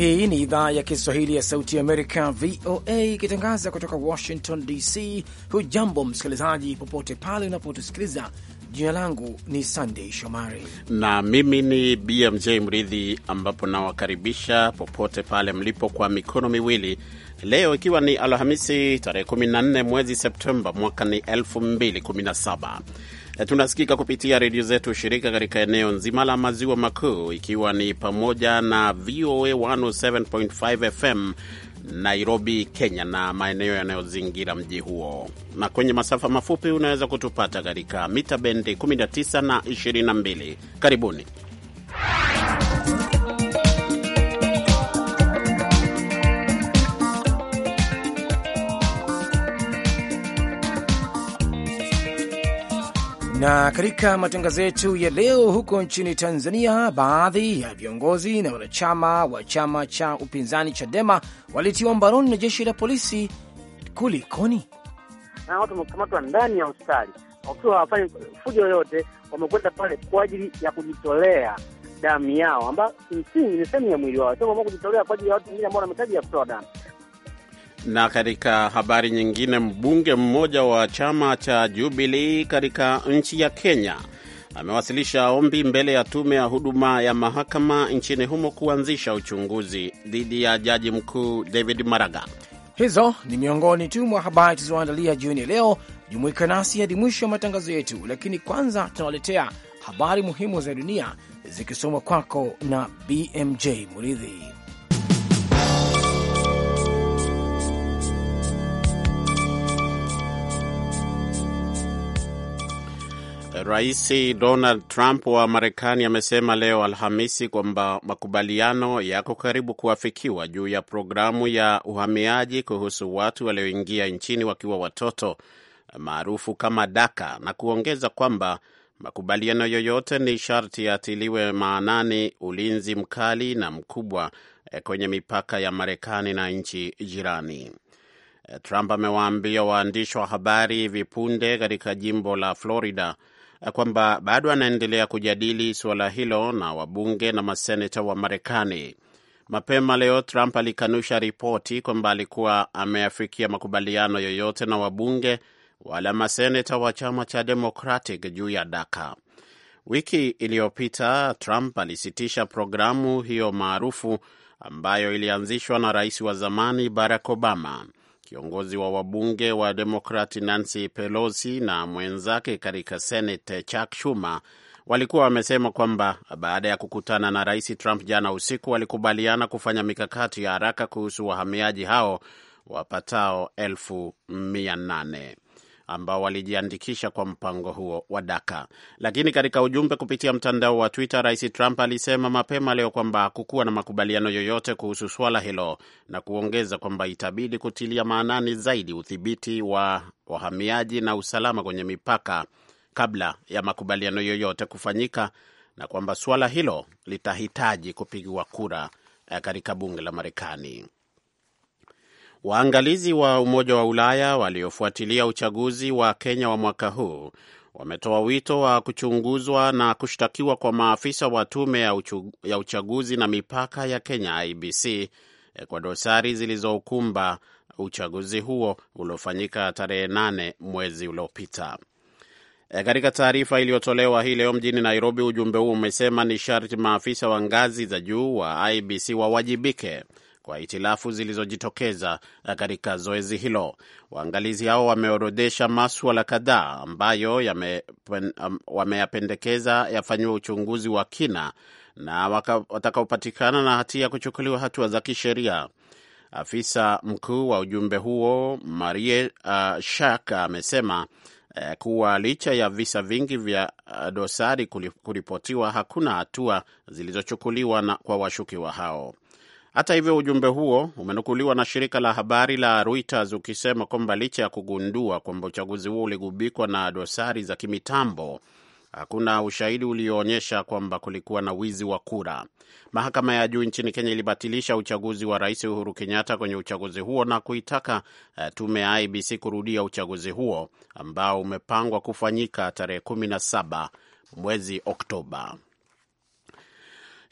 Hii ni idhaa ya Kiswahili ya Sauti ya Amerika, VOA, ikitangaza kutoka Washington DC. Hujambo msikilizaji, popote pale unapotusikiliza. Jina langu ni Sandey Shomari na mimi ni BMJ Mridhi, ambapo nawakaribisha popote pale mlipo kwa mikono miwili leo, ikiwa ni Alhamisi tarehe 14 mwezi Septemba mwaka ni 2017 Eh, tunasikika kupitia redio zetu shirika katika eneo nzima la maziwa makuu, ikiwa ni pamoja na VOA 107.5 FM Nairobi, Kenya na maeneo yanayozingira mji huo, na kwenye masafa mafupi unaweza kutupata katika mita bendi 19 na 22. Karibuni. Na katika matangazo yetu ya leo, huko nchini Tanzania, baadhi ya viongozi na wanachama wa chama cha upinzani Chadema walitiwa mbaroni na jeshi la polisi. Kulikoni? na watu wamekamatwa ndani ya hospitali wakiwa hawafanyi fujo yoyote, wamekwenda pale kwa ajili ya kujitolea damu yao, ambayo kimsingi ni sehemu ya mwili wao, sio kujitolea kwa ajili ya watu wengine ambao wanahitaji ya kutoa damu na katika habari nyingine, mbunge mmoja wa chama cha Jubilee katika nchi ya Kenya amewasilisha ombi mbele ya tume ya huduma ya mahakama nchini humo kuanzisha uchunguzi dhidi ya jaji mkuu David Maraga. Hizo ni miongoni tu mwa habari tulizoandalia jioni ya leo. Jumuika nasi hadi mwisho wa matangazo yetu, lakini kwanza tunawaletea habari muhimu za dunia zikisomwa kwako na BMJ Muridhi. Rais Donald Trump wa Marekani amesema leo Alhamisi kwamba makubaliano yako karibu kuafikiwa juu ya programu ya uhamiaji kuhusu watu walioingia nchini wakiwa watoto maarufu kama DACA na kuongeza kwamba makubaliano yoyote ni sharti yatiliwe maanani ulinzi mkali na mkubwa eh, kwenye mipaka ya Marekani na nchi jirani. Eh, Trump amewaambia waandishi wa habari hivi punde katika jimbo la Florida kwamba bado anaendelea kujadili suala hilo na wabunge na maseneta wa Marekani. Mapema leo Trump alikanusha ripoti kwamba alikuwa ameafikia makubaliano yoyote na wabunge wala maseneta wa chama cha Democratic juu ya Daka. Wiki iliyopita Trump alisitisha programu hiyo maarufu ambayo ilianzishwa na rais wa zamani Barack Obama kiongozi wa wabunge wa Demokrati Nancy Pelosi na mwenzake katika Senate Chuck Schumer walikuwa wamesema kwamba baada ya kukutana na Rais Trump jana usiku walikubaliana kufanya mikakati ya haraka kuhusu wahamiaji hao wapatao elfu mia nane ambao walijiandikisha kwa mpango huo wa Daka. Lakini katika ujumbe kupitia mtandao wa Twitter, Rais Trump alisema mapema leo kwamba hakukuwa na makubaliano yoyote kuhusu swala hilo na kuongeza kwamba itabidi kutilia maanani zaidi udhibiti wa wahamiaji na usalama kwenye mipaka kabla ya makubaliano yoyote kufanyika na kwamba suala hilo litahitaji kupigiwa kura eh, katika bunge la Marekani. Waangalizi wa Umoja wa Ulaya waliofuatilia uchaguzi wa Kenya wa mwaka huu wametoa wito wa kuchunguzwa na kushtakiwa kwa maafisa wa tume ya uchaguzi na mipaka ya Kenya IBC kwa dosari zilizokumba uchaguzi huo uliofanyika tarehe nane mwezi uliopita. E, katika taarifa iliyotolewa hii leo mjini Nairobi, ujumbe huo umesema ni sharti maafisa wa ngazi za juu wa IBC wawajibike kwa hitilafu zilizojitokeza katika zoezi hilo. Waangalizi hao wameorodhesha maswala kadhaa ambayo yame, um, wameyapendekeza yafanyiwe uchunguzi wa kina na watakaopatikana na hatia kuchukuliwa hatua za kisheria. Afisa mkuu wa ujumbe huo Marie uh, Shak amesema uh, kuwa licha ya visa vingi vya uh, dosari kuripotiwa, hakuna hatua zilizochukuliwa kwa washukiwa hao. Hata hivyo, ujumbe huo umenukuliwa na shirika la habari la Reuters ukisema kwamba licha ya kugundua kwamba uchaguzi huo uligubikwa na dosari za kimitambo, hakuna ushahidi ulioonyesha kwamba kulikuwa na wizi wa kura. Mahakama ya juu nchini Kenya ilibatilisha uchaguzi wa Rais Uhuru Kenyatta kwenye uchaguzi huo na kuitaka uh, tume ya IBC kurudia uchaguzi huo ambao umepangwa kufanyika tarehe 17 mwezi Oktoba.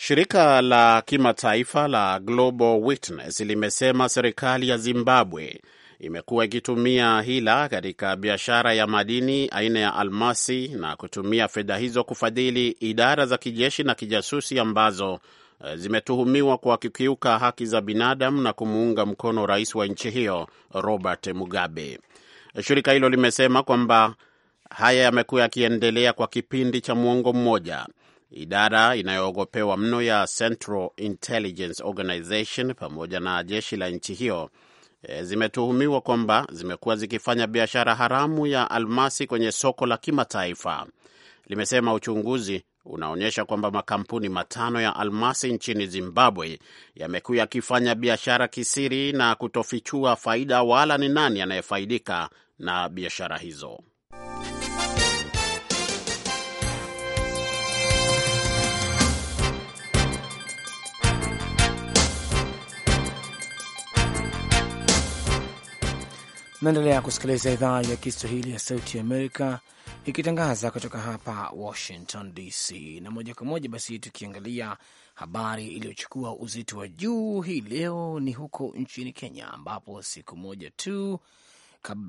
Shirika la kimataifa la Global Witness limesema serikali ya Zimbabwe imekuwa ikitumia hila katika biashara ya madini aina ya almasi na kutumia fedha hizo kufadhili idara za kijeshi na kijasusi ambazo eh, zimetuhumiwa kwa kukiuka haki za binadamu na kumuunga mkono rais wa nchi hiyo Robert Mugabe. Shirika hilo limesema kwamba haya yamekuwa yakiendelea kwa kipindi cha mwongo mmoja idara inayoogopewa mno ya Central Intelligence Organization pamoja na jeshi la nchi hiyo e, zimetuhumiwa kwamba zimekuwa zikifanya biashara haramu ya almasi kwenye soko la kimataifa. Limesema uchunguzi unaonyesha kwamba makampuni matano ya almasi nchini Zimbabwe yamekuwa yakifanya biashara kisiri na kutofichua faida wala ni nani anayefaidika na biashara hizo. Naendelea kusikiliza idhaa ya Kiswahili ya Sauti ya Amerika ikitangaza kutoka hapa Washington DC, na moja kwa moja basi, tukiangalia habari iliyochukua uzito wa juu hii leo ni huko nchini Kenya, ambapo siku moja tu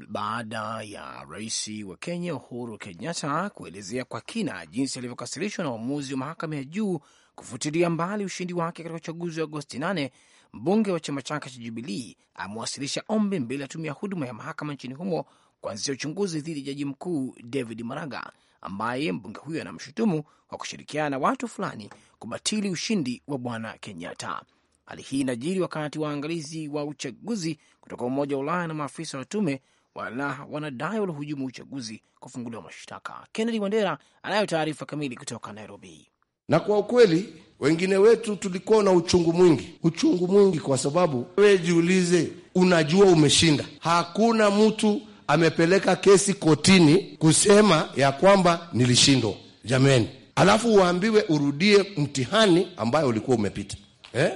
baada ya rais wa Kenya Uhuru Kenyatta kuelezea kwa kina jinsi alivyokasirishwa na uamuzi wa mahakama ya juu Kufutilia mbali ushindi wake katika uchaguzi wa Agosti 8, mbunge wa chama chake cha Jubilii amewasilisha ombi mbele ya tume ya huduma ya mahakama nchini humo kuanzisha uchunguzi dhidi ya jaji mkuu David Maraga ambaye mbunge huyo anamshutumu kwa kushirikiana na watu fulani kubatili ushindi wa bwana Kenyatta. Hali hii inajiri wakati waangalizi wa uchaguzi kutoka Umoja wa Ulaya na maafisa wa tume wana, wanadai waliohujumu uchaguzi kufunguliwa mashtaka. Kennedy Wandera anayo taarifa kamili kutoka Nairobi. Na kwa ukweli wengine wetu tulikuwa na uchungu mwingi, uchungu mwingi, kwa sababu wewe jiulize, unajua umeshinda. Hakuna mtu amepeleka kesi kotini kusema ya kwamba nilishindwa, jameni, alafu uambiwe urudie mtihani ambayo ulikuwa umepita eh?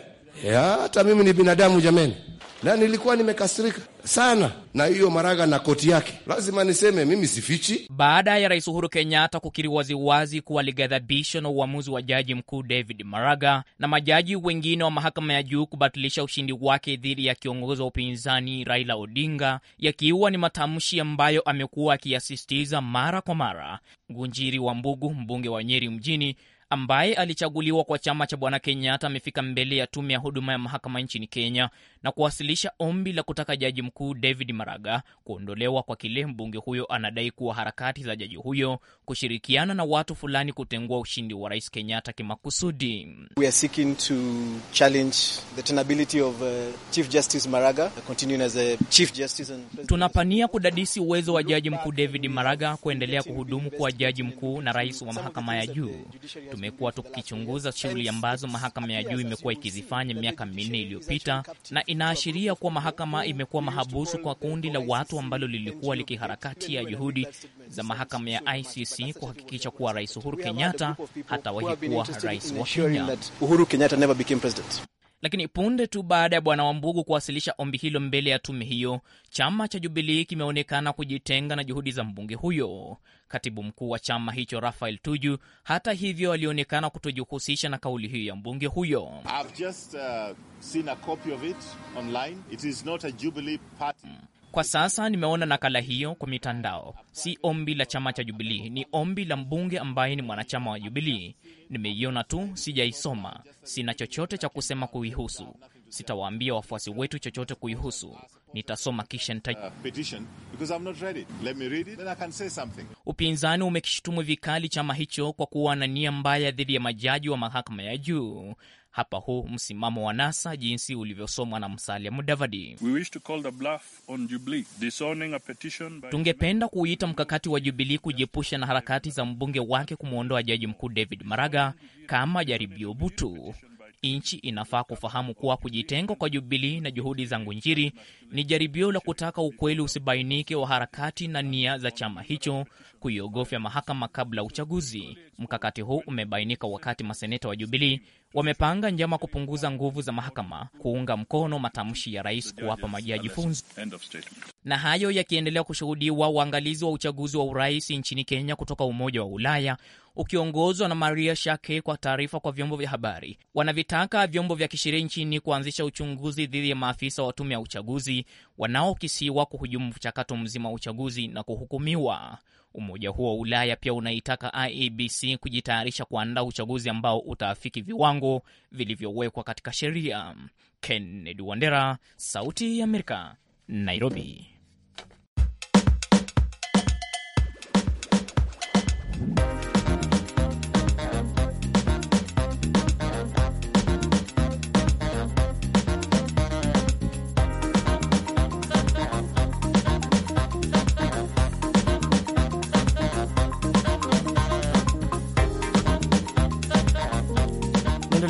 hata mimi ni binadamu jameni na nilikuwa nimekasirika sana na hiyo Maraga na koti yake. Lazima niseme mimi sifichi. Baada ya Rais Uhuru Kenyatta kukiri waziwazi kuwa alighadhabishwa na uamuzi wa Jaji Mkuu David Maraga na majaji wengine wa mahakama ya juu kubatilisha ushindi wake dhidi ya kiongozi wa upinzani Raila Odinga, yakiwa ni matamshi ambayo amekuwa akiyasisitiza mara kwa mara, Ngunjiri wa Mbugu, mbunge wa Nyeri mjini ambaye alichaguliwa kwa chama cha Bwana Kenyatta amefika mbele ya tume ya huduma ya mahakama nchini Kenya na kuwasilisha ombi la kutaka jaji mkuu David Maraga kuondolewa kwa kile mbunge huyo anadai kuwa harakati za jaji huyo kushirikiana na watu fulani kutengua ushindi wa Rais Kenyatta kimakusudi. We are seeking to challenge the tenability of uh, Chief Justice Maraga as a Chief Justice and... tunapania kudadisi uwezo wa jaji mkuu David Maraga kuendelea kuhudumu kuwa jaji mkuu na rais wa mahakama ya juu tumekuwa tukichunguza shughuli ambazo mahakama ya juu imekuwa ikizifanya miaka minne iliyopita, na inaashiria kuwa mahakama imekuwa mahabusu kwa kundi la watu ambalo lilikuwa likiharakati ya juhudi za mahakama ya ICC kuhakikisha kuwa Rais Uhuru Kenyatta hatawahi kuwa rais wa Kenya. Lakini punde tu baada ya bwana Wambugu kuwasilisha ombi hilo mbele ya tume hiyo, chama cha Jubilii kimeonekana kujitenga na juhudi za mbunge huyo. Katibu mkuu wa chama hicho Rafael Tuju, hata hivyo, alionekana kutojihusisha na kauli hiyo ya mbunge huyo. I've just, uh, seen a copy of it online. It is not a Jubilee party. Kwa sasa nimeona nakala hiyo kwa mitandao. Si ombi la chama cha Jubilii, ni ombi la mbunge ambaye ni mwanachama wa Jubilii. Nimeiona tu, sijaisoma, sina chochote cha kusema kuihusu. Sitawaambia wafuasi wetu chochote kuihusu. Nitasoma kisha uh, nita... Upinzani umekishutumu vikali chama hicho kwa kuwa na nia mbaya dhidi ya majaji wa mahakama ya juu. Hapa huu msimamo wa NASA jinsi ulivyosomwa na Musalia Mudavadi. Tungependa kuuita mkakati wa Jubilii kujiepusha na harakati za mbunge wake kumwondoa jaji mkuu David Maraga kama jaribio butu. Nchi inafaa kufahamu kuwa kujitenga kwa Jubilii na juhudi za Ngunjiri ni jaribio la kutaka ukweli usibainike wa harakati na nia za chama hicho kuiogofya mahakama kabla ya uchaguzi. Mkakati huu umebainika wakati maseneta wa Jubilii wamepanga njama kupunguza nguvu za mahakama kuunga mkono matamshi ya rais kuwapa majaji funzo. Na hayo yakiendelea kushuhudiwa, uangalizi wa uchaguzi wa urais nchini Kenya kutoka Umoja wa Ulaya ukiongozwa na Maria Shake kwa taarifa kwa vyombo vya habari, wanavitaka vyombo vya kisheria nchini kuanzisha uchunguzi dhidi ya maafisa wa tume ya uchaguzi wanaokisiwa kuhujumu mchakato mzima wa uchaguzi na kuhukumiwa. Umoja huo wa Ulaya pia unaitaka IEBC kujitayarisha kuandaa uchaguzi ambao utaafiki viwango viwango vilivyowekwa katika sheria. Kennedy Wandera, Sauti ya Amerika, Nairobi.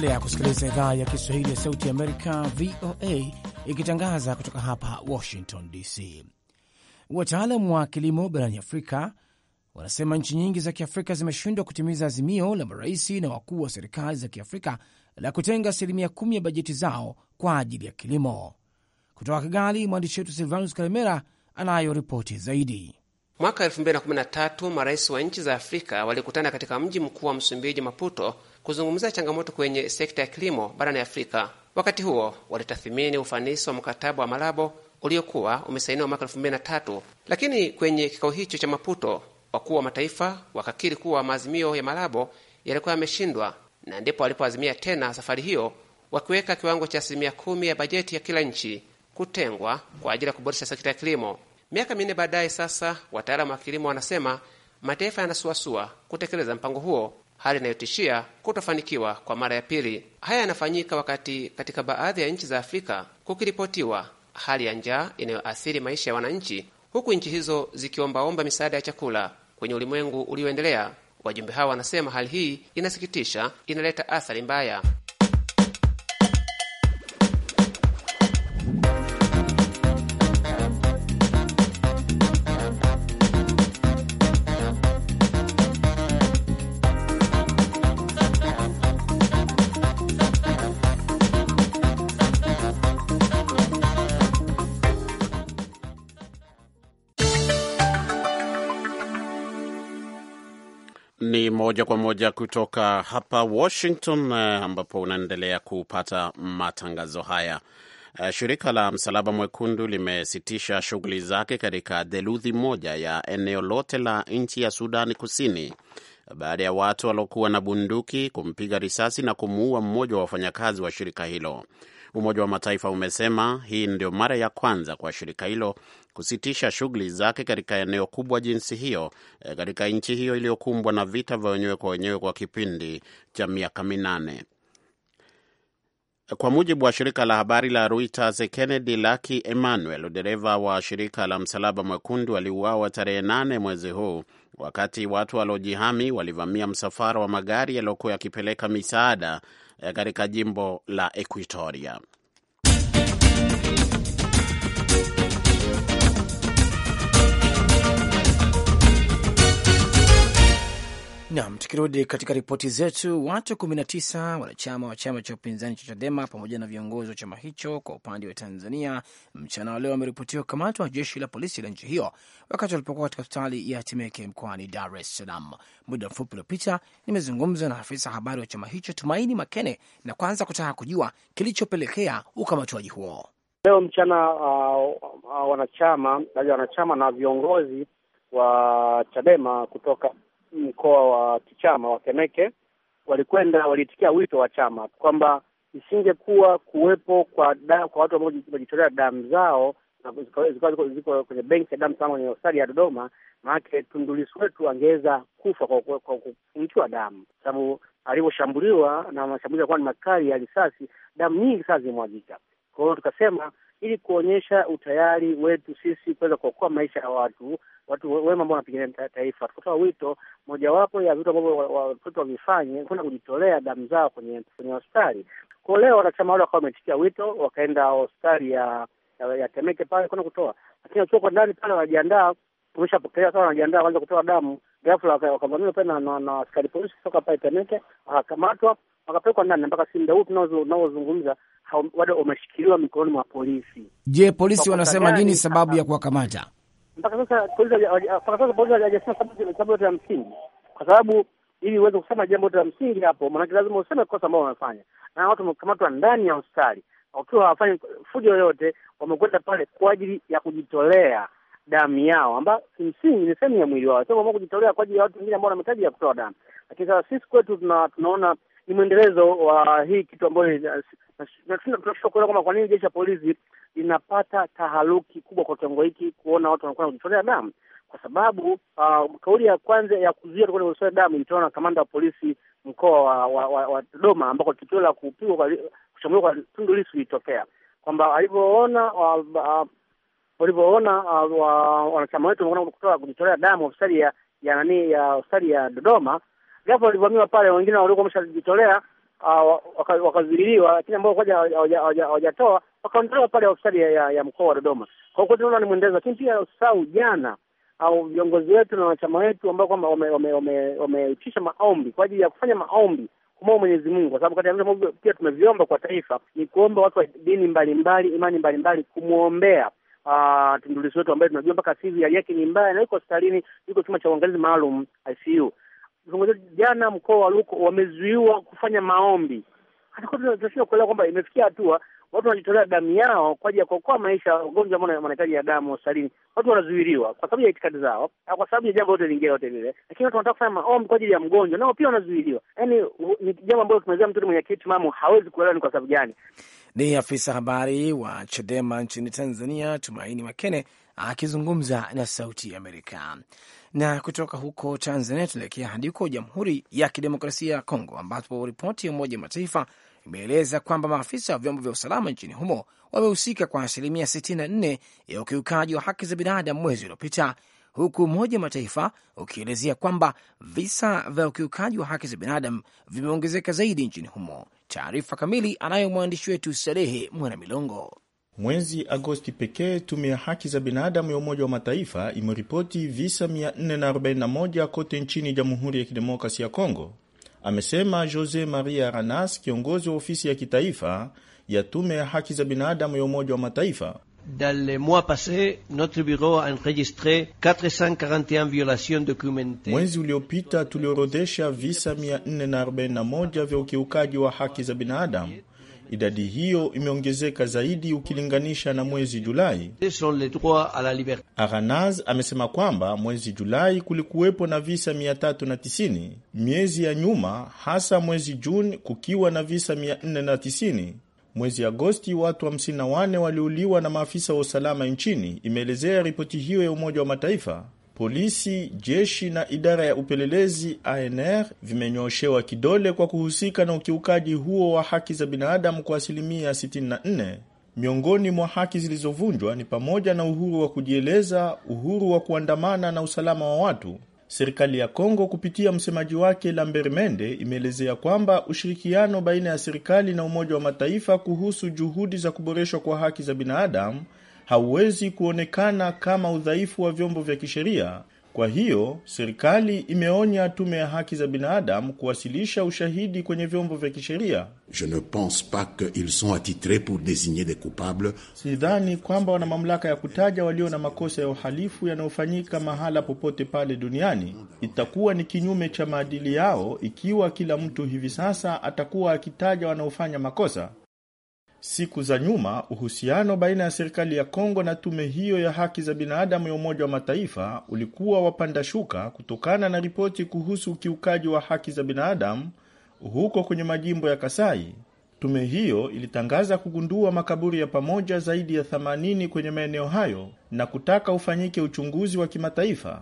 Unaendelea kusikiliza idhaa ya Kiswahili ya Sauti Amerika, VOA, ikitangaza kutoka hapa Washington DC. Wataalam wa kilimo barani Afrika wanasema nchi nyingi za Kiafrika zimeshindwa kutimiza azimio la maraisi na wakuu wa serikali za Kiafrika la kutenga asilimia kumi ya bajeti zao kwa ajili ya kilimo. Kutoka Kigali, mwandishi wetu Silvanus Kalemera anayo ripoti zaidi. Mwaka 2013 marais wa nchi za Afrika walikutana katika mji mkuu wa Msumbiji, Maputo, kuzungumzia changamoto kwenye sekta ya kilimo barani Afrika. Wakati huo walitathimini ufanisi wa mkataba wa Malabo uliokuwa umesainiwa mwaka elfu mbili na tatu, lakini kwenye kikao hicho cha Maputo wakuu wa mataifa wakakiri kuwa maazimio ya Malabo yalikuwa yameshindwa, na ndipo walipoazimia tena safari hiyo wakiweka kiwango cha asilimia kumi ya bajeti ya kila nchi kutengwa kwa ajili ya kuboresha sekta ya kilimo. Miaka minne baadaye sasa, wataalamu wa kilimo wanasema mataifa yanasuasua kutekeleza mpango huo hali inayotishia kutofanikiwa kwa mara ya pili. Haya yanafanyika wakati katika baadhi ya nchi za Afrika kukiripotiwa hali ya njaa inayoathiri maisha ya wananchi, huku nchi hizo zikiombaomba misaada ya chakula kwenye ulimwengu ulioendelea. Wajumbe hawa wanasema hali hii inasikitisha, inaleta athari mbaya. moja kwa moja kutoka hapa Washington, eh, ambapo unaendelea kupata matangazo haya. Eh, shirika la Msalaba Mwekundu limesitisha shughuli zake katika theluthi moja ya eneo lote la nchi ya Sudani Kusini baada ya watu waliokuwa na bunduki kumpiga risasi na kumuua mmoja wa wafanyakazi wa shirika hilo. Umoja wa Mataifa umesema hii ndio mara ya kwanza kwa shirika hilo kusitisha shughuli zake katika eneo kubwa jinsi hiyo e, katika nchi hiyo iliyokumbwa na vita vya wenyewe kwa wenyewe kwa kipindi cha miaka minane. Kwa mujibu wa shirika la habari la Reuters, Kennedy Laki Emmanuel, dereva wa shirika la Msalaba Mwekundu, aliuawa tarehe nane mwezi huu wakati watu waliojihami walivamia msafara wa magari yaliyokuwa yakipeleka misaada e, katika jimbo la Equatoria. Nam, tukirudi katika ripoti zetu, watu 19 wanachama wa chama cha upinzani cha Chadema pamoja na viongozi wa chama hicho kwa upande wa Tanzania mchana wa leo wameripotiwa kukamatwa jeshi la polisi la nchi hiyo wakati walipokuwa katika hospitali ya Temeke mkoani Dar es Salaam. Muda mfupi uliopita nimezungumza na afisa habari wa chama hicho Tumaini Makene na kwanza kutaka kujua kilichopelekea ukamatwaji huo. Leo mchana uh, uh, wanachama wanachama na viongozi wa Chadema kutoka mkoa wa kichama wa Temeke walikwenda, waliitikia wito wa chama kwamba isingekuwa kuwepo kwa da, kwa watu ambao wamejitolea damu zao ziko kwenye benki ya damu sana kwenye hospitali ya Dodoma, maanake tundulisi wetu angeweza kufa kwa kufungiwa damu, sababu alivyoshambuliwa na mashambulio yalikuwa ni makali ya risasi, damu nyingi sana zimemwagika. Kwa hiyo tukasema ili kuonyesha utayari wetu sisi kuweza kuokoa maisha ya watu watu wema ambao wanapigania taifa. Tukatoa wito, mojawapo ya vitu ambavyo watoto wavifanye kwenda kujitolea damu zao kwenye kwenye hospitali kwao. Leo wanachama wale wakawa wamechikia wito, wakaenda hospitali ya ya, ya Temeke pale kwenda kutoa, lakini wakiwa kwa ndani pale wanajiandaa umeshapokelewa sana, wanajiandaa kuanza kutoa damu, ghafla wakavamiwa pale na askari polisi kutoka pale Temeke, wakakamatwa wakapelekwa ndani, mpaka si muda huu tunaozungumza bado wameshikiliwa mikononi mwa polisi. Je, polisi wanasema nini sababu ya kuwakamata mpaka sasa? Polisi Mpaka sasa polisi hajasema sababu yote ya msingi, kwa sababu ili uweze kusema jambo la msingi hapo, maanake lazima useme kosa ambao wanafanya, na watu wamekamatwa ndani ya hospitali wakiwa hawafanyi fujo yoyote, wamekwenda pale kwa ajili ya kujitolea damu yao, ambayo kimsingi ni sehemu ya mwili wao. Sasa kujitolea kwa ajili ya watu wengine ambao wanahitaji ya kutoa damu, lakini sasa sisi kwetu tuna, tunaona ni mwendelezo wa hii kitu ambayo tunashindwa kuona kwamba kwa nini jeshi la polisi linapata taharuki kubwa kwa kiwango hiki, kuona watu wanakuwa kujitolea damu, kwa sababu uh, kauli ya kwanza ya kuzuia kujitolea damu ilitoa na kamanda wa polisi mkoa wa Dodoma, ambako tukio la kupigwa kwa kushambuliwa kwa Tundu Lissu ilitokea kwamba alipoona ah, ah, walivyoona wanachama wetu wanakuwa kutoa kujitolea damu hospitali ya ya nani ya hospitali ya Dodoma ghafla walivamiwa pale, wengine walikuwa wameshajitolea ah, wakazuiliwa, lakini ambao hawajatoa wakaondolewa pale hospitali ya, ya, ya mkoa wa Dodoma. Kwa hiyo tunaona ni mwendelezo, lakini pia usisahau jana au ah, viongozi wetu na wanachama wetu ambao kwamba wameitisha maombi kwa ajili ya kufanya maombi kumwomba Mwenyezi Mungu, kwa sababu katika pia tumeviomba kwa taifa ni kuomba watu wa dini mbalimbali, imani mbalimbali kumwombea ah, Tundu Lissu wetu ambaye tunajua mpaka sasa hivi hali yake ni mbaya na yuko hospitalini, yuko chumba cha uangalizi maalum ICU zungumzia jana mkoa wa Luko wamezuiwa kufanya maombi. Tunashindwa kuelewa kwamba imefikia hatua watu wanajitolea damu yao kwa ajili ya kuokoa maisha ya wagonjwa ambao wanahitaji ya damu hospitalini. Watu wanazuiliwa kwa sababu ya itikadi zao au kwa sababu ya jambo lote lingine lote lile, lakini watu wanataka kufanya maombi kwa ajili ya mgonjwa, nao pia wanazuiliwa. Yaani ni jambo ambalo tumezea mtoto mwenyekiti mamu hawezi kuelewa ni kwa sababu gani. Ni afisa habari wa Chadema nchini Tanzania Tumaini Makene akizungumza na Sauti ya Amerika. Na kutoka huko Tanzania tunaelekea hadi huko Jamhuri ya Kidemokrasia ya Kongo, ambapo ripoti ya Umoja Mataifa imeeleza kwamba maafisa wa vyombo vya usalama nchini humo wamehusika kwa asilimia 64 ya ukiukaji wa haki za binadamu mwezi uliopita, huku Umoja Mataifa ukielezea kwamba visa vya ukiukaji wa haki za binadamu vimeongezeka zaidi nchini humo. Taarifa kamili anayo mwandishi wetu Salehe Mwanamilongo. Mwezi Agosti pekee tume ya haki za binadamu ya Umoja wa Mataifa imeripoti visa 441 kote nchini Jamhuri ya Kidemokrasi ya Kongo, amesema Jose Maria Ranas, kiongozi wa ofisi ya kitaifa ya tume ya haki za binadamu ya Umoja wa Mataifa. Dans le mois notre bureau a 441 violations Mwezi uliopita tuliorodhesha visa 441 vya ukiukaji wa haki za binadamu Idadi hiyo imeongezeka zaidi ukilinganisha na mwezi Julai. aranaz amesema kwamba mwezi Julai kulikuwepo na visa 390, miezi ya nyuma, hasa mwezi Juni kukiwa na visa 490. Mwezi Agosti watu 54 waliuliwa na maafisa wa usalama nchini, imeelezea ripoti hiyo ya Umoja wa Mataifa. Polisi, jeshi na idara ya upelelezi ANR vimenyoshewa kidole kwa kuhusika na ukiukaji huo wa haki za binadamu kwa asilimia 64. Miongoni mwa haki zilizovunjwa ni pamoja na uhuru wa kujieleza, uhuru wa kuandamana na usalama wa watu. Serikali ya Kongo kupitia msemaji wake Lambert Mende imeelezea kwamba ushirikiano baina ya serikali na Umoja wa Mataifa kuhusu juhudi za kuboreshwa kwa haki za binadamu hauwezi kuonekana kama udhaifu wa vyombo vya kisheria. Kwa hiyo serikali imeonya tume ya haki za binadamu kuwasilisha ushahidi kwenye vyombo vya kisheria. Je ne pense pas qu'ils sont attitrés pour designer des coupables. Sidhani kwamba wana mamlaka ya kutaja walio na makosa ya uhalifu yanayofanyika mahala popote pale duniani. Itakuwa ni kinyume cha maadili yao ikiwa kila mtu hivi sasa atakuwa akitaja wanaofanya makosa siku za nyuma uhusiano baina ya serikali ya Kongo na tume hiyo ya haki za binadamu ya Umoja wa Mataifa ulikuwa wapanda shuka kutokana na ripoti kuhusu ukiukaji wa haki za binadamu huko kwenye majimbo ya Kasai. Tume hiyo ilitangaza kugundua makaburi ya pamoja zaidi ya 80 kwenye maeneo hayo na kutaka ufanyike uchunguzi wa kimataifa,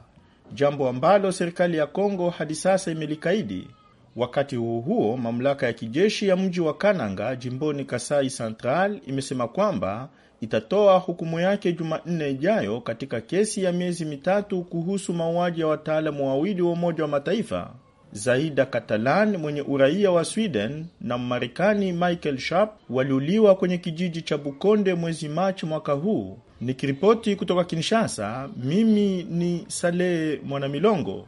jambo ambalo serikali ya Kongo hadi sasa imelikaidi Wakati huo huo, mamlaka ya kijeshi ya mji wa Kananga jimboni Kasai Central imesema kwamba itatoa hukumu yake Jumanne ijayo katika kesi ya miezi mitatu kuhusu mauaji ya wataalamu wawili wa Umoja wa Mataifa, Zaida Catalan mwenye uraia wa Sweden na Mmarekani Michael Sharp waliuliwa kwenye kijiji cha Bukonde mwezi Machi mwaka huu. Nikiripoti kutoka Kinshasa, mimi ni Saleh Mwanamilongo.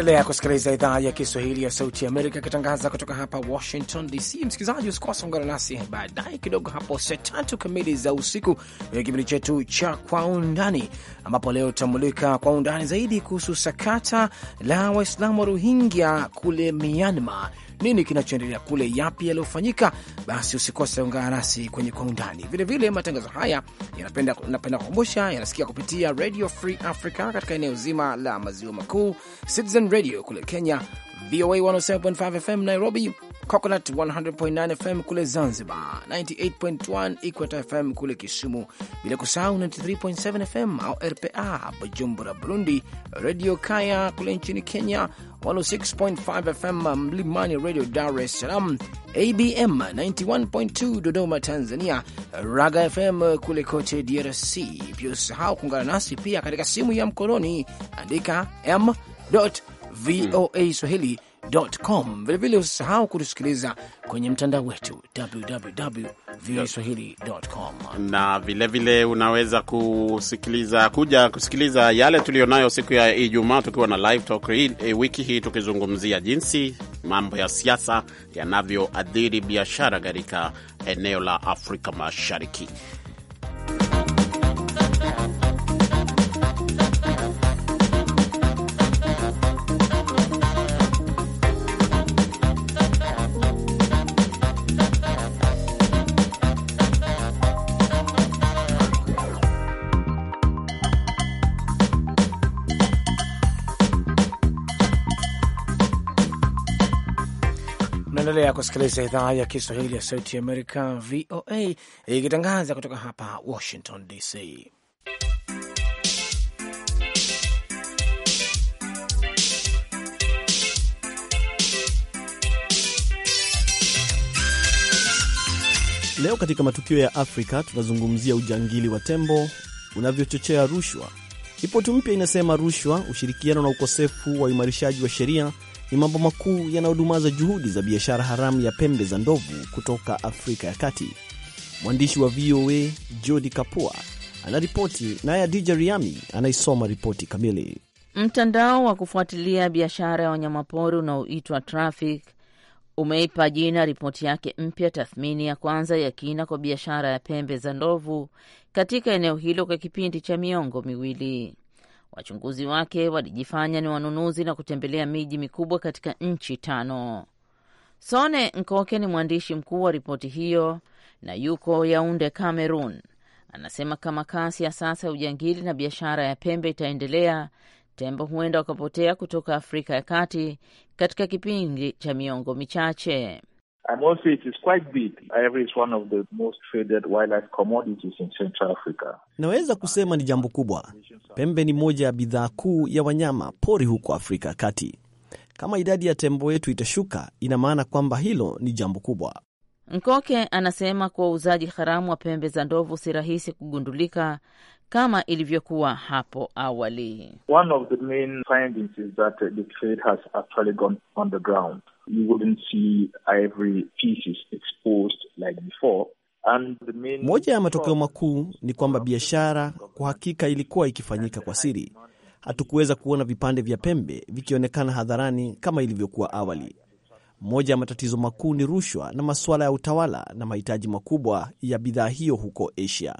Unaendelea kusikiliza idhaa ya Kiswahili ya Sauti Amerika ikitangaza kutoka hapa Washington DC. Msikilizaji, usikose ungana nasi baadaye kidogo hapo saa tatu kamili za usiku kwenye kipindi chetu cha Kwa Undani, ambapo leo tutamulika kwa undani zaidi kuhusu sakata la Waislamu wa Rohingya kule Myanmar nini kinachoendelea kule, yapi yaliyofanyika, basi usikose ungana nasi kwenye kwa undani. Vilevile matangazo haya yanapenda kukumbusha, yanasikia kupitia Radio Free Africa katika eneo zima la maziwa makuu, Citizen Radio kule Kenya, VOA 107.5 FM Nairobi, Coconut 100.9 FM kule Zanzibar, 98.1 Equator FM kule Kisumu, bila kusahau 93.7 FM au RPA Bujumbura, Burundi, Radio Kaya kule nchini Kenya, 106.5 FM Mlimani Radio Dar es Salaam, ABM 91.2 Dodoma Tanzania, Raga FM kule kote DRC. Pia usisahau kuungana nasi pia katika simu ya mkononi, andika m voa swahili com. Vilevile usisahau kutusikiliza kwenye mtandao wetu www com, na vilevile vile unaweza kusikiliza kuja kusikiliza yale tuliyonayo siku ya Ijumaa tukiwa na live talk e, wiki hii tukizungumzia jinsi mambo ya siasa yanavyoathiri biashara katika eneo la Afrika Mashariki. Unaendelea kusikiliza idhaa ya Kiswahili ya Sauti Amerika, VOA, ikitangaza kutoka hapa Washington DC. Leo katika matukio ya Afrika tunazungumzia ujangili wa tembo unavyochochea rushwa. Ripoti mpya inasema rushwa, ushirikiano na ukosefu wa uimarishaji wa sheria ni mambo makuu yanayodumaza juhudi za biashara haramu ya pembe za ndovu kutoka Afrika ya Kati. Mwandishi wa VOA Jodi Kapua anaripoti, naye Adija Riami anaisoma ripoti kamili. Mtandao wa kufuatilia biashara ya wanyamapori unaoitwa Traffic umeipa jina ripoti yake mpya tathmini ya kwanza ya kina kwa biashara ya pembe za ndovu katika eneo hilo kwa kipindi cha miongo miwili. Wachunguzi wake walijifanya ni wanunuzi na kutembelea miji mikubwa katika nchi tano. Sone Nkoke ni mwandishi mkuu wa ripoti hiyo na yuko Yaunde, Cameroon. Anasema kama kasi ya sasa ya ujangili na biashara ya pembe itaendelea, tembo huenda wakapotea kutoka Afrika ya Kati katika kipindi cha miongo michache. I must say it is quite big. Ivory is one of the most traded wildlife commodities in Central Africa. Naweza kusema ni jambo kubwa. Pembe ni moja ya bidhaa kuu ya wanyama pori huko Afrika Kati. Kama idadi ya tembo wetu itashuka, ina maana kwamba hilo ni jambo kubwa. Nkoke anasema kuwa uuzaji haramu wa pembe za ndovu si rahisi kugundulika kama ilivyokuwa hapo awali. One of the main findings is that the trade has actually gone underground you wouldn't see ivory pieces exposed like before. And the main... moja ya matokeo makuu ni kwamba biashara kwa hakika ilikuwa ikifanyika kwa siri. Hatukuweza kuona vipande vya pembe vikionekana hadharani kama ilivyokuwa awali. Moja ya matatizo makuu ni rushwa na masuala ya utawala na mahitaji makubwa ya bidhaa hiyo huko Asia.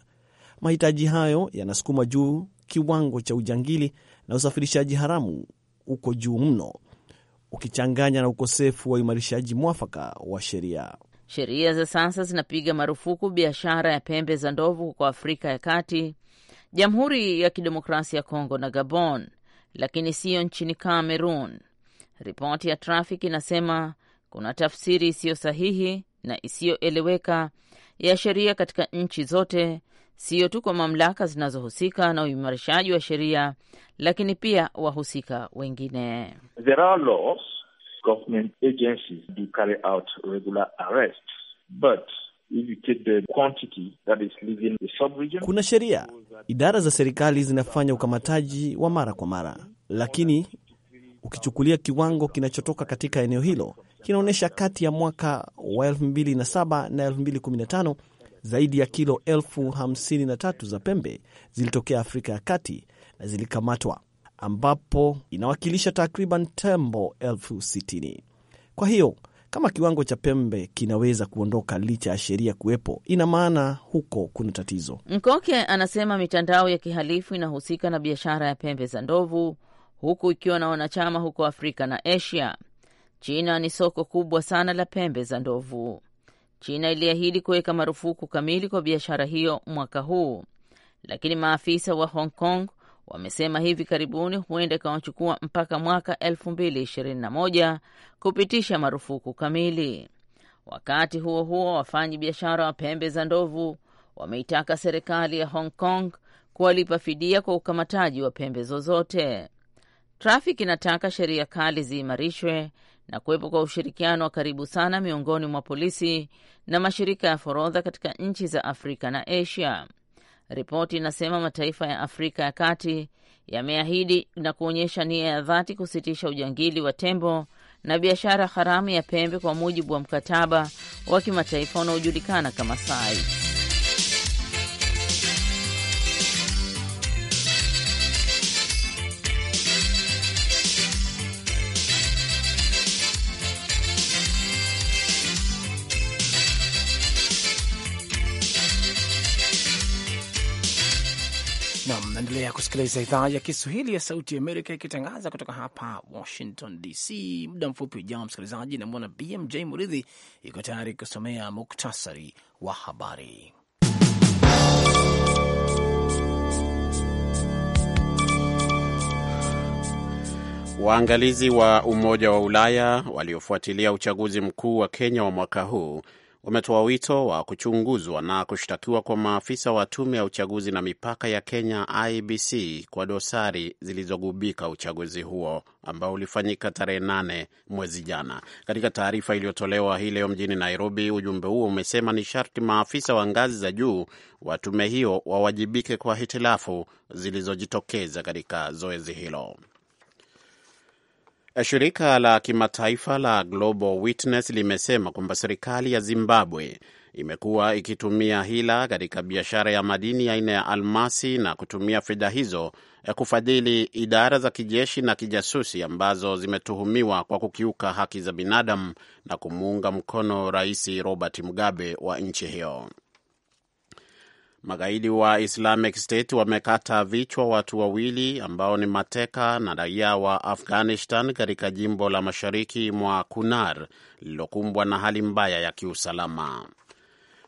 Mahitaji hayo yanasukuma juu kiwango cha ujangili na usafirishaji haramu uko juu mno ukichanganya na ukosefu wa uimarishaji mwafaka wa sheria. Sheria za sasa zinapiga marufuku biashara ya pembe za ndovu kwa Afrika ya Kati, Jamhuri ya Kidemokrasia ya Kongo na Gabon, lakini siyo nchini cameron Ripoti ya trafic inasema kuna tafsiri isiyo sahihi na isiyoeleweka ya sheria katika nchi zote siyo tu kwa mamlaka zinazohusika na uimarishaji wa sheria, lakini pia wahusika wengine. There are laws government agencies do carry out regular arrests but kuna sheria, idara za serikali zinafanya ukamataji wa mara kwa mara, lakini ukichukulia kiwango kinachotoka katika eneo hilo kinaonyesha kati ya mwaka wa 2007 na 2015 zaidi ya kilo elfu hamsini na tatu za pembe zilitokea Afrika ya Kati na zilikamatwa, ambapo inawakilisha takriban tembo elfu sitini. Kwa hiyo kama kiwango cha pembe kinaweza kuondoka licha ya sheria kuwepo, ina maana huko kuna tatizo. Mkoke anasema mitandao ya kihalifu inahusika na biashara ya pembe za ndovu, huku ikiwa na wanachama huko Afrika na Asia. China ni soko kubwa sana la pembe za ndovu. China iliahidi kuweka marufuku kamili kwa biashara hiyo mwaka huu, lakini maafisa wa Hong Kong wamesema hivi karibuni huenda ikawachukua mpaka mwaka 2021 kupitisha marufuku kamili. Wakati huo huo, wafanyi biashara wa pembe za ndovu wameitaka serikali ya Hong Kong kuwalipa fidia kwa ukamataji wa pembe zozote. Trafik inataka sheria kali ziimarishwe na kuwepo kwa ushirikiano wa karibu sana miongoni mwa polisi na mashirika ya forodha katika nchi za Afrika na Asia. Ripoti inasema mataifa ya Afrika ya kati yameahidi na kuonyesha nia ya dhati kusitisha ujangili wa tembo na biashara haramu ya pembe kwa mujibu wa mkataba wa kimataifa unaojulikana kama SAI. Unaendelea kusikiliza idhaa ya Kiswahili ya Sauti ya Amerika ikitangaza kutoka hapa Washington DC. Muda mfupi ujao, msikilizaji, namwona BMJ Muridhi iko tayari kusomea muktasari wa habari. Waangalizi wa Umoja wa Ulaya waliofuatilia uchaguzi mkuu wa Kenya wa mwaka huu wametoa wito wa kuchunguzwa na kushtakiwa kwa maafisa wa tume ya uchaguzi na mipaka ya Kenya IBC kwa dosari zilizogubika uchaguzi huo ambao ulifanyika tarehe nane mwezi jana. Katika taarifa iliyotolewa hii leo mjini Nairobi, ujumbe huo umesema ni sharti maafisa wa ngazi za juu wa tume hiyo wawajibike kwa hitilafu zilizojitokeza katika zoezi hilo. Eh, shirika la kimataifa la Global Witness limesema kwamba serikali ya Zimbabwe imekuwa ikitumia hila katika biashara ya madini aina ya almasi na kutumia fedha hizo ya eh, kufadhili idara za kijeshi na kijasusi ambazo zimetuhumiwa kwa kukiuka haki za binadamu na kumuunga mkono Rais Robert Mugabe wa nchi hiyo. Magaidi wa Islamic State wamekata vichwa watu wawili ambao ni mateka na raia wa Afghanistan katika jimbo la mashariki mwa Kunar lililokumbwa na hali mbaya ya kiusalama.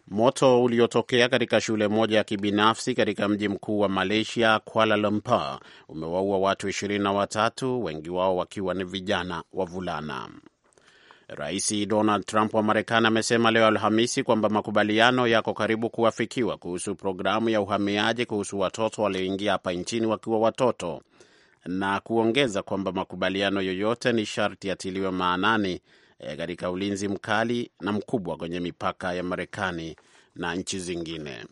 Moto uliotokea katika shule moja ya kibinafsi katika mji mkuu wa Malaysia, Kuala Lumpur, umewaua watu ishirini na watatu, wengi wao wakiwa ni vijana wavulana. Rais Donald Trump wa Marekani amesema leo Alhamisi kwamba makubaliano yako karibu kuafikiwa kuhusu programu ya uhamiaji kuhusu watoto walioingia hapa nchini wakiwa watoto na kuongeza kwamba makubaliano yoyote ni sharti yatiliwe maanani e, katika ulinzi mkali na mkubwa kwenye mipaka ya Marekani na nchi zingine.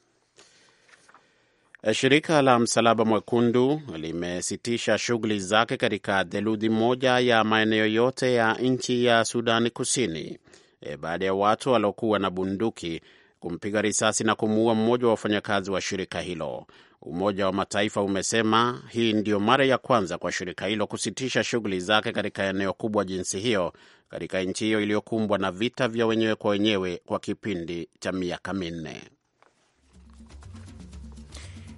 Eh, shirika la Msalaba Mwekundu limesitisha shughuli zake katika theluthi moja ya maeneo yote ya nchi ya Sudani Kusini e, baada ya watu waliokuwa na bunduki kumpiga risasi na kumuua mmoja wa wafanyakazi wa shirika hilo. Umoja wa Mataifa umesema hii ndiyo mara ya kwanza kwa shirika hilo kusitisha shughuli zake katika eneo kubwa jinsi hiyo katika nchi hiyo iliyokumbwa na vita vya wenyewe kwa wenyewe kwa kipindi cha miaka minne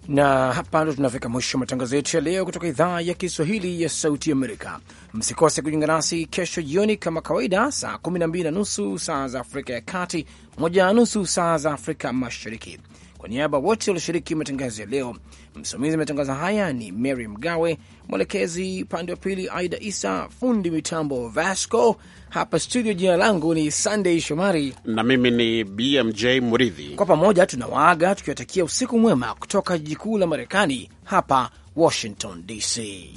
na hapa ndo tunafika mwisho matangazo yetu ya leo kutoka idhaa ya Kiswahili ya Sauti Amerika. Msikose kujiunga nasi kesho jioni kama kawaida, saa 12 na nusu saa za Afrika ya Kati, moja na nusu saa za Afrika Mashariki. Kwa niaba wote walioshiriki matangazo ya leo, msimamizi matangazo haya ni Mary Mgawe, mwelekezi pande wa pili Aida Isa, fundi mitambo Vasco hapa studio. Jina langu ni sandey Shomari na mimi ni BMJ Muridhi. Kwa pamoja tunawaaga tukiwatakia usiku mwema kutoka jiji kuu la Marekani hapa Washington DC.